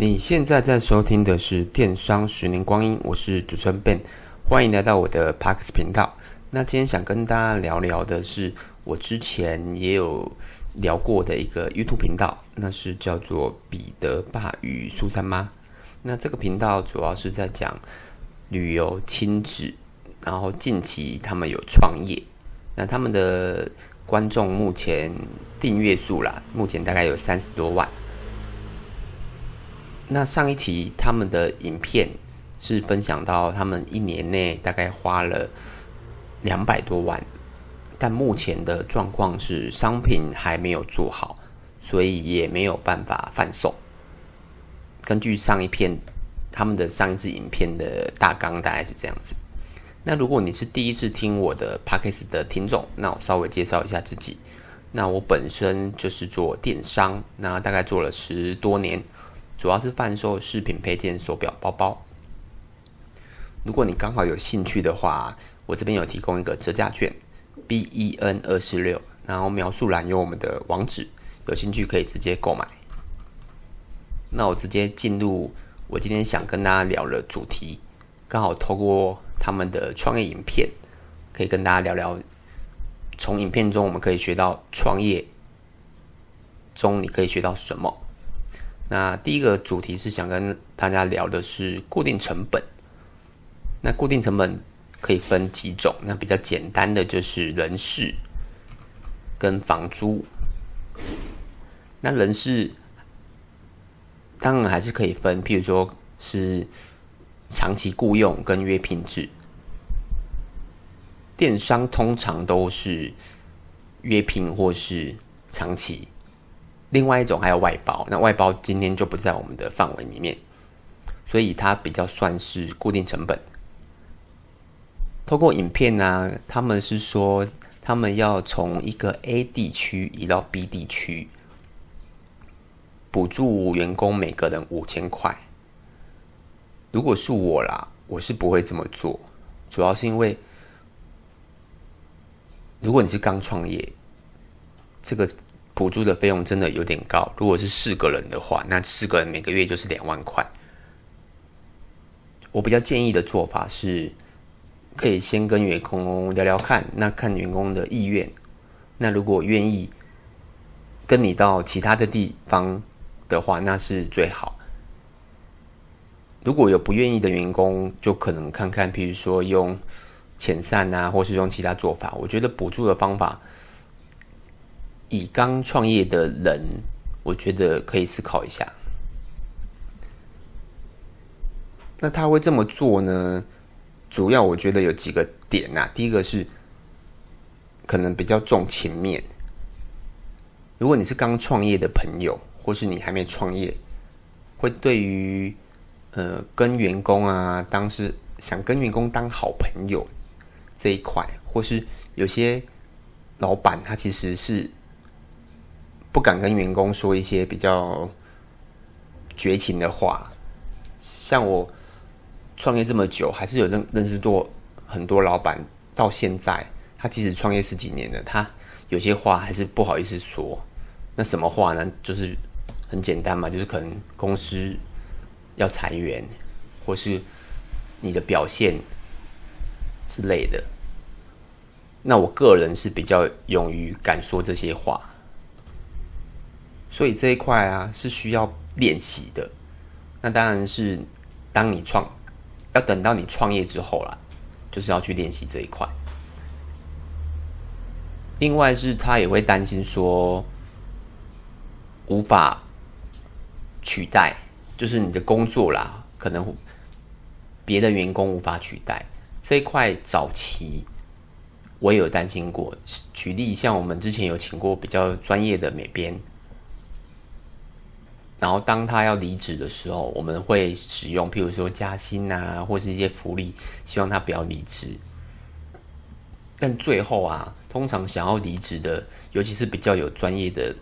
你現在在收聽的是《電商十年光陰》，我是主持人 Ben，歡迎來到我的 Parks 頻道。那今天想跟大家聊聊的是我之前也有聊過的一個 YouTube 頻道，那是叫做彼得爸與蘇珊媽。那這個頻道主要是在講旅遊親子，然後近期他們有創業。那他們的觀眾目前訂閱數啦，目前大概有三十多萬。那上一期他們的影片是分享到他們一年內大概花了兩百多萬，但目前的狀況是商品還沒有做好，所以也沒有辦法販售。根據上一篇他們的上一支影片的大綱，大概是這樣子。那如果你是第一次聽我的 Podcast 的聽眾，那我稍微介紹一下自己。那我本身就是做電商，那大概做了十多年。主要是販售飾品配件、手表、包包。如果你剛好有興趣的話，我這邊有提供一個折價券，B E N 二四六，然後描述欄有我們的網址，有興趣可以直接購買。那我直接進入我今天想跟大家聊的主題，剛好透過他們的創業影片，可以跟大家聊聊，從影片中我們可以學到創業中你可以學到什麼。那第一個主題是想跟大家聊的是固定成本。那固定成本可以分幾種？那比較簡單的就是人事跟房租。那人事當然還是可以分，譬如說是長期僱傭跟約聘制。電商通常都是約聘或是長期。另外一種還有外包，那外包今天就不在我們的範圍裡面，所以它比較算是固定成本。透過影片呢，啊，他們是說他們要從一個 A 地區移到 B 地區，補助員工每個人五千塊。如果是我啦，我是不會這麼做，主要是因為如果你是剛創業，這個。補助的費用真的有點高，如果是四個人的話，那四個人每個月就是兩萬塊。我比較建議的做法是，可以先跟員工聊聊看，那看員工的意願。那如果願意跟你到其他的地方的話，那是最好。如果有不願意的員工，就可能看看，譬如說用遣散啊，或是用其他做法。我覺得補助的方法。以剛創業的人，我覺得可以思考一下。那他會這麼做呢？主要我覺得有幾個點啊，第一個是可能比較重情面。如果你是剛創業的朋友，或是你還沒創業，會對於呃跟員工啊，當時想跟員工當好朋友這一塊，或是有些老闆他其實是。不敢跟員工說一些比較絕情的話。像我創業這麼久，還是有認認識多很多老板。到現在，他即使創業十幾年了，他有些話還是不好意思說。那什麼話呢？就是很簡單嘛，就是可能公司要裁員，或是你的表現之類的。那我個人是比較勇於敢說這些話。所以這一塊啊是需要練習的，那當然是當你創，要等到你創業之後啦，就是要去練習這一塊。另外是他也會擔心說，無法取代，就是你的工作啦，可能別的員工無法取代這一塊。早期我也有擔心過，舉例像我們之前有請過比較專業的美編。然後，當他要離職的時候，我們會使用，譬如說加薪啊，或是一些福利，希望他不要離職。但最後啊，通常想要離職的，尤其是比較有專業的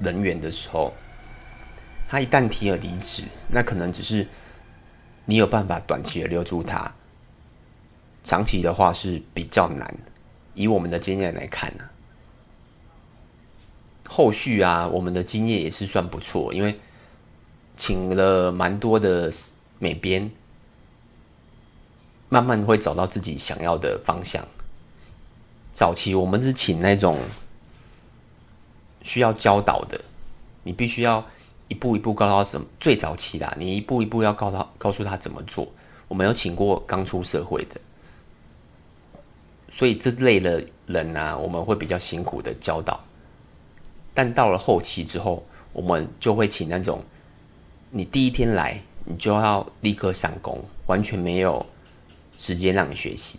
人員的時候，他一旦提了離職，那可能只是你有辦法短期的留住他，長期的話是比較難。以我們的經驗來看呢、啊。後續啊，我們的經驗也是算不錯，因為請了蠻多的美編，慢慢會找到自己想要的方向。早期我們是請那種需要教導的，你必須要一步一步告訴他怎麼。最早期的，你一步一步要告訴他，告訴他怎麼做。我們有請過剛出社會的，所以這類的人呢、啊，我們會比較辛苦的教導。但到了後期之後，我們就會請那種，你第一天來，你就要立刻上工，完全沒有時間讓你學習。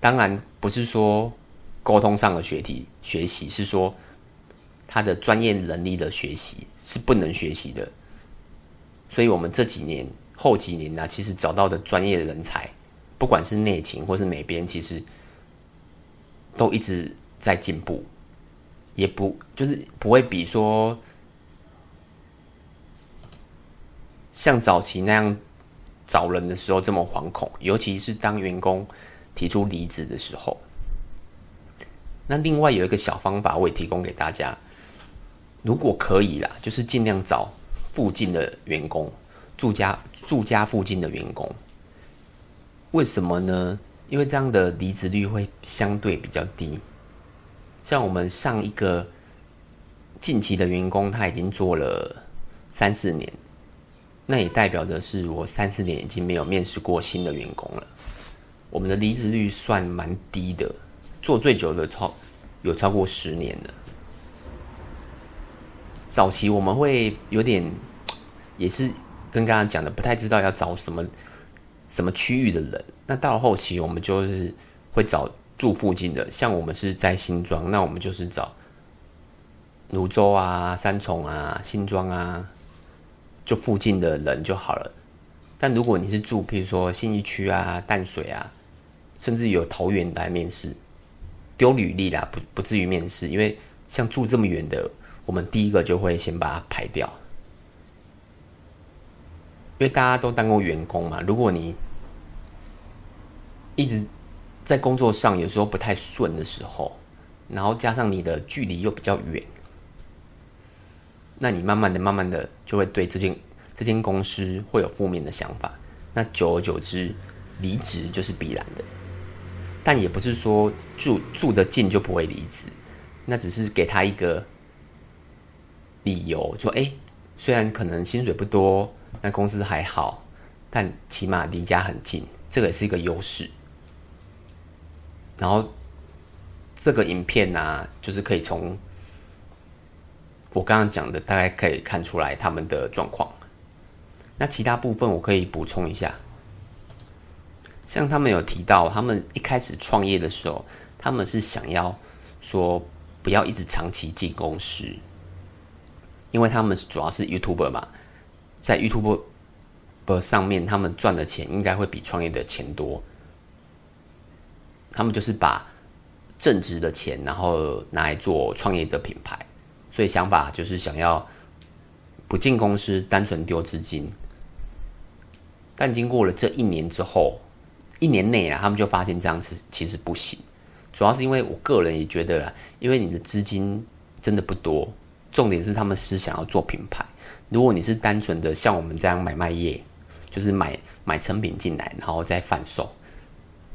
當然，不是說溝通上的學、學習，學習是說他的專業能力的學習是不能學習的。所以我們這幾年、後幾年呢、啊，其實找到的專業人才，不管是內勤或是美編，其實都一直在進步。也不，就是不會比說像早期那樣找人的時候這麼惶恐，尤其是當員工提出離職的時候。那另外有一個小方法，我也提供給大家，如果可以啦，就是儘量找附近的員工，住家住家附近的員工。為什麼呢？因為這樣的離職率會相對比較低。像我們上一個近期的員工，他已經做了三四年，那也代表的是我三四年已經沒有面試過新的員工了。我們的離職率算蠻低的，做最久的超有超過十年的。早期我們會有點，也是跟剛剛講的，不太知道要找什麼什麼區域的人。那到後期我們就是會找。住附近的，像我們是在新莊，那我們就是找蘆洲啊、三重啊、新莊啊，就附近的人就好了。但如果你是住，譬如說信義區啊、淡水啊，甚至有桃園來面試，丟履歷啦，不不至於面試，因為像住這麼遠的，我們第一個就會先把它排掉，因為大家都當過員工嘛。如果你一直在工作上有時候不太順的時候，然後加上你的距離又比較遠，那你慢慢的、慢慢的就會對這間這間公司會有負面的想法。那久而久之，離職就是必然的。但也不是說住住的近就不會離職，那只是給他一個理由，說：哎、欸，雖然可能薪水不多，那公司還好，但起碼離家很近，這個也是一個優勢。然後，這個影片呢、啊，就是可以從我剛剛講的，大概可以看出來他們的狀況。那其他部分我可以補充一下，像他們有提到，他們一開始創業的時候，他們是想要說不要一直長期進公司，因為他們主要是 YouTuber 嘛，在 YouTuber 上面他們賺的錢應該會比創業的錢多。他們就是把正職的錢，然後拿來做創業的品牌，所以想法就是想要不進公司，單純丟資金。但經過了這一年之後，一年內啊，他們就發現這樣子其實不行。主要是因為我個人也覺得啊，因為你的資金真的不多，重點是他們是想要做品牌。如果你是單純的像我們這樣買賣業，就是買買成品進來，然後再販售。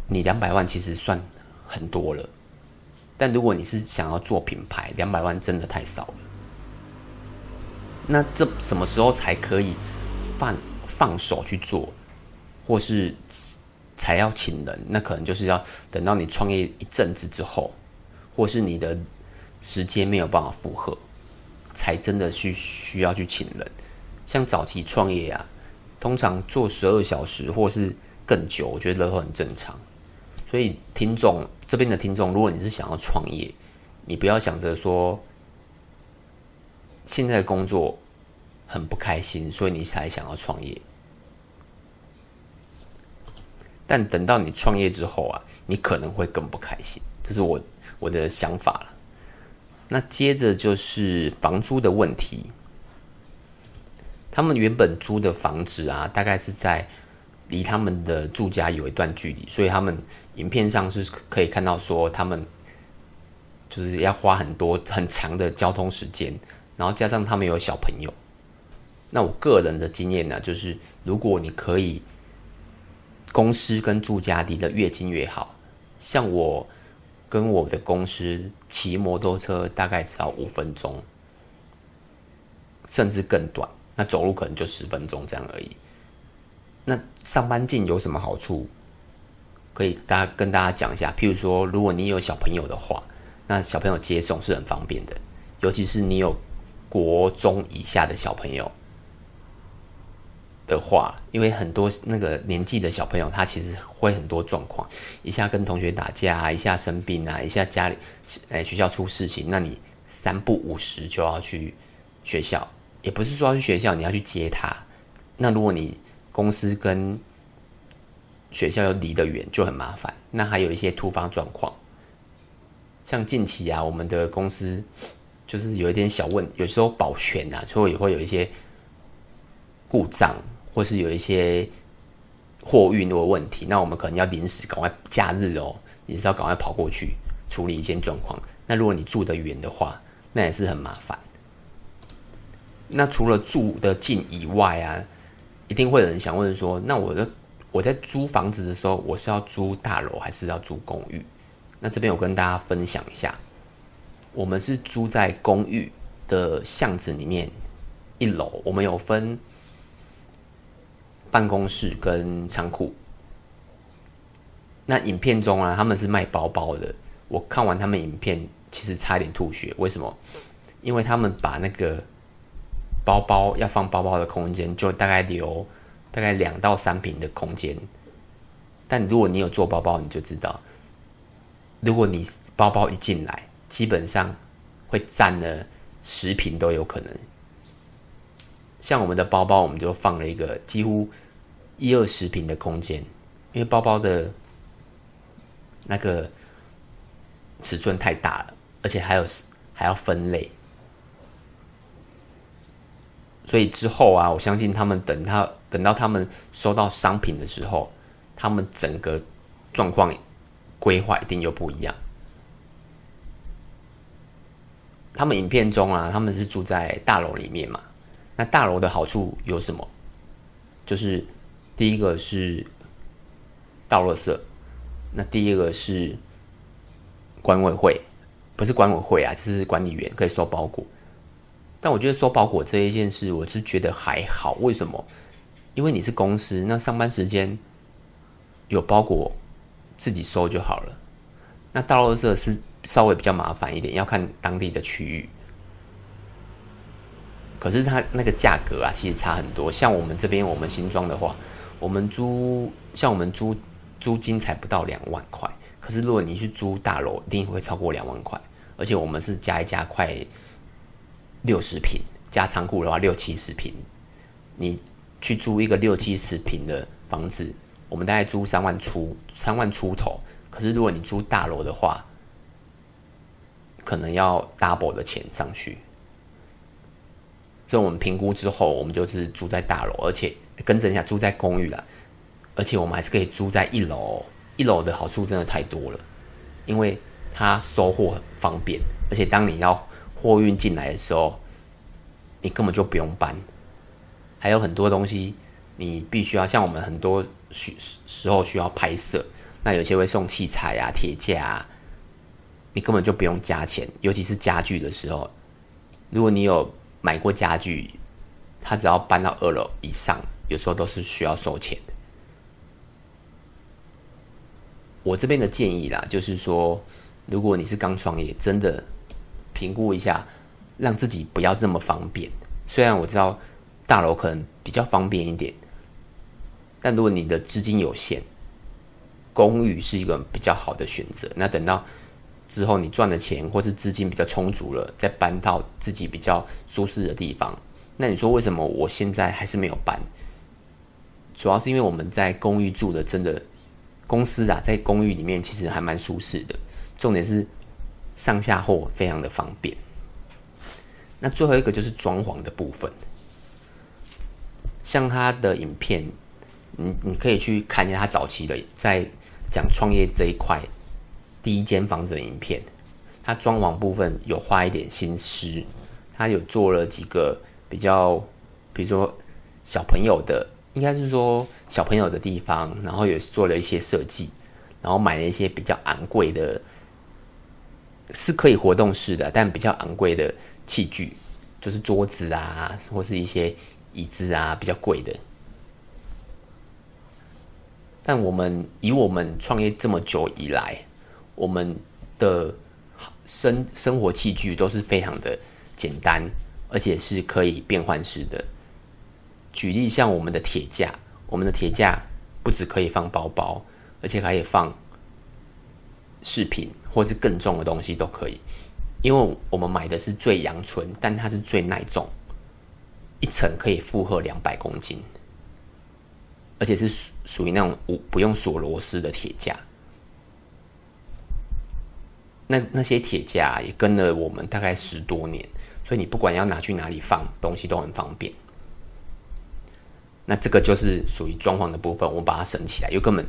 你兩百萬其實算很多了，但如果你是想要做品牌，兩百萬真的太少了。那這什麼時候才可以放放手去做，或是才要請人？那可能就是要等到你創業一陣子之後，或是你的時間沒有辦法負荷，才真的去需要去請人。像早期創業啊，通常做十二小時或是更久，我覺得都很正常。所以聽，聽眾這邊的聽眾，如果你是想要創業，你不要想着說，現在的工作很不開心，所以你才想要創業。但等到你創業之後啊，你可能會更不開心，這是我我的想法了。那接着就是房租的問題，他們原本租的房子啊，大概是在。離他們的住家有一段距離，所以他們影片上是可以看到說他們就是要花很多很長的交通時間，然後加上他們有小朋友。那我個人的經驗呢，就是如果你可以公司跟住家離得越近越好，像我跟我的公司騎摩托車大概只要五分鐘，甚至更短，那走路可能就十分鐘這樣而已。那上班近有什麼好處？可以大家跟大家講一下。譬如說，如果你有小朋友的話，那小朋友接送是很方便的。尤其是你有國中以下的小朋友的話，因為很多那個年紀的小朋友，他其實會很多狀況，一下跟同學打架啊，一下生病啊，一下家裡、欸、學校出事情，那你三不五時就要去學校。也不是說要去學校你要去接他，那如果你公司跟學校又離得遠，就很麻煩。那還有一些突發狀況，像近期啊，我們的公司就是有一點小問，有時候保全啊，所以也會有一些故障，或是有一些貨運的問題。那我們可能要臨時趕快假日哦，也是要趕快跑過去處理一些狀況。那如果你住得遠的話，那也是很麻煩。那除了住得近以外啊。一定會有人想問說：“那我的我在租房子的時候，我是要租大樓還是要租公寓？”那這邊我跟大家分享一下，我們是租在公寓的巷子裡面一樓，我們有分辦公室跟倉庫。那影片中啊，他們是賣包包的。我看完他們影片，其實差一點吐血。為什麼？因為他們把那個。包包要放包包的空間，就大概留大概兩到三平的空間。但如果你有做包包，你就知道，如果你包包一進來，基本上會占了十平都有可能。像我們的包包，我們就放了一個幾乎一二十平的空間，因為包包的那個尺寸太大了，而且還有還要分類。所以之後啊，我相信他們等他等到他們收到商品的時候，他們整個狀況規劃一定又不一樣。他們影片中啊，他們是住在大樓裡面嘛？那大樓的好處有什麼？就是第一個是倒垃圾，那第一個是管委會，不是管委會啊，就是管理員可以收包裹。但我覺得收包裹這一件事，我是覺得還好。為什麼？因為你是公司，那上班時間有包裹自己收就好了。那大樓社是稍微比較麻煩一點，要看當地的區域。可是它那個價格啊，其實差很多。像我們這邊，我們新莊的話，我們租像我們租租金才不到兩萬塊。可是如果你去租大樓，一定會超過兩萬塊。而且我們是加一加快，六十坪加倉庫的話，六七十坪。你去租一個六七十坪的房子，我們大概租三萬出，三萬出頭。可是如果你租大樓的話，可能要 double 的錢上去。所以，我們評估之後，我們就是住在大樓，而且更正一下，住在公寓啦。而且，我們還是可以租在一樓。一樓的好處真的太多了，因為它收貨很方便，而且當你要。貨運進來的時候，你根本就不用搬，還有很多東西你必須要像我們很多時候需要拍攝，那有些會送器材啊、鐵架啊，你根本就不用加錢，尤其是家具的時候，如果你有買過家具，他只要搬到二樓以上，有時候都是需要收錢的。我這邊的建議啦，就是說，如果你是剛創業，真的。評估一下，讓自己不要這麼方便。雖然我知道大樓可能比較方便一點，但如果你的資金有限，公寓是一個比較好的選擇。那等到之後你賺的錢或是資金比較充足了，再搬到自己比較舒適的地方。那你說為什麼我現在還是沒有搬？主要是因為我們在公寓住的真的，公司啊，在公寓裡面其實還蠻舒適的。重點是。上下貨非常的方便。那最後一個就是裝潢的部分，像他的影片，你你可以去看一下他早期的在講創業這一塊第一間房子的影片，他裝潢部分有花一點心思，他有做了幾個比較，比如說小朋友的，應該是說小朋友的地方，然後也做了一些設計，然後買了一些比較昂貴的。是可以活動式的，但比較昂貴的器具，就是桌子啊，或是一些椅子啊，比較貴的。但我們以我們創業這麼久以來，我們的生生活器具都是非常的簡單，而且是可以變換式的。舉例像我們的鐵架，我們的鐵架不只可以放包包，而且可以放飾品。或是更重的東西都可以，因為我們買的是最陽春，但它是最耐重，一層可以負荷兩百公斤，而且是屬屬於那種不用鎖螺絲的鐵架。那那些鐵架也跟了我們大概十多年，所以你不管要拿去哪裡放東西都很方便。那這個就是屬於裝潢的部分，我把它省起來，因為根本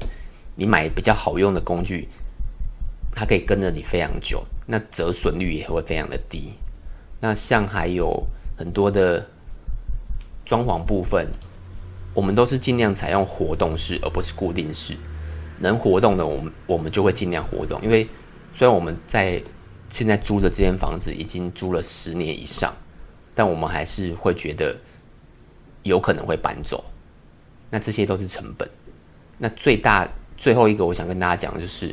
你買比較好用的工具。它可以跟着你非常久，那折損率也會非常的低。那像還有很多的裝潢部分，我們都是盡量採用活動式，而不是固定式。能活動的，我們我們就會盡量活動。因為雖然我們在現在租的這間房子已經租了十年以上，但我們還是會覺得有可能會搬走。那這些都是成本。那最大最後一個，我想跟大家講的就是。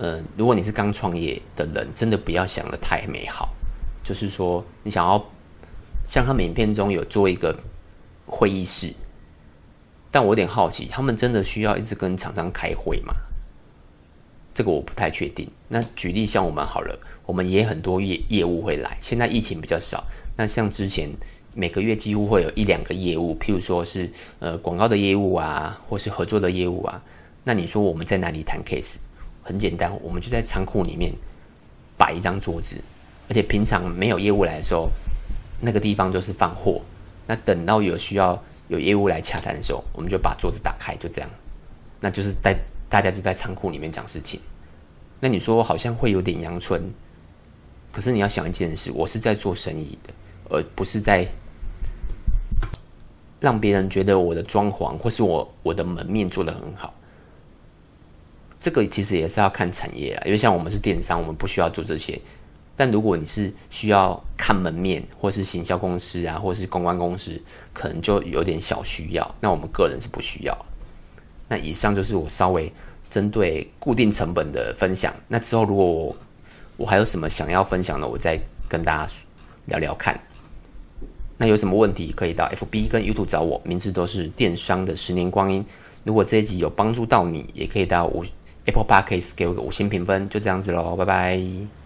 呃，如果你是剛創業的人，真的不要想得太美好。就是說，你想要像他們影片中有做一個會議室，但我有點好奇，他們真的需要一直跟廠商開會嗎？這個我不太確定。那舉例像我們好了，我們也很多業業務會來，現在疫情比較少。那像之前每個月幾乎會有一兩個業務，譬如說是呃廣告的業務啊，或是合作的業務啊。那你說我們在哪裡談 case？很簡單，我們就在倉庫裡面擺一張桌子，而且平常沒有業務來的時候，那個地方就是放貨。那等到有需要有業務來洽談的時候，我們就把桌子打開，就這樣。那就是在大家就在倉庫裡面講事情。那你說我好像會有點陽春，可是你要想一件事，我是在做生意的，而不是在讓別人覺得我的裝潢或是我我的門面做得很好。這個其實也是要看產業啦，因為像我們是電商，我們不需要做這些。但如果你是需要看門面，或是行銷公司啊，或是公關公司，可能就有點小需要。那我們個人是不需要。那以上就是我稍微針對固定成本的分享。那之後如果我我還有什麼想要分享的，我再跟大家聊聊看。那有什麼問題可以到 FB 跟 YouTube 找我，名字都是電商的十年光陰。如果這一集有幫助到你，也可以到我。Apple Podcasts 給我個五星評分，就這樣子嘍，拜拜。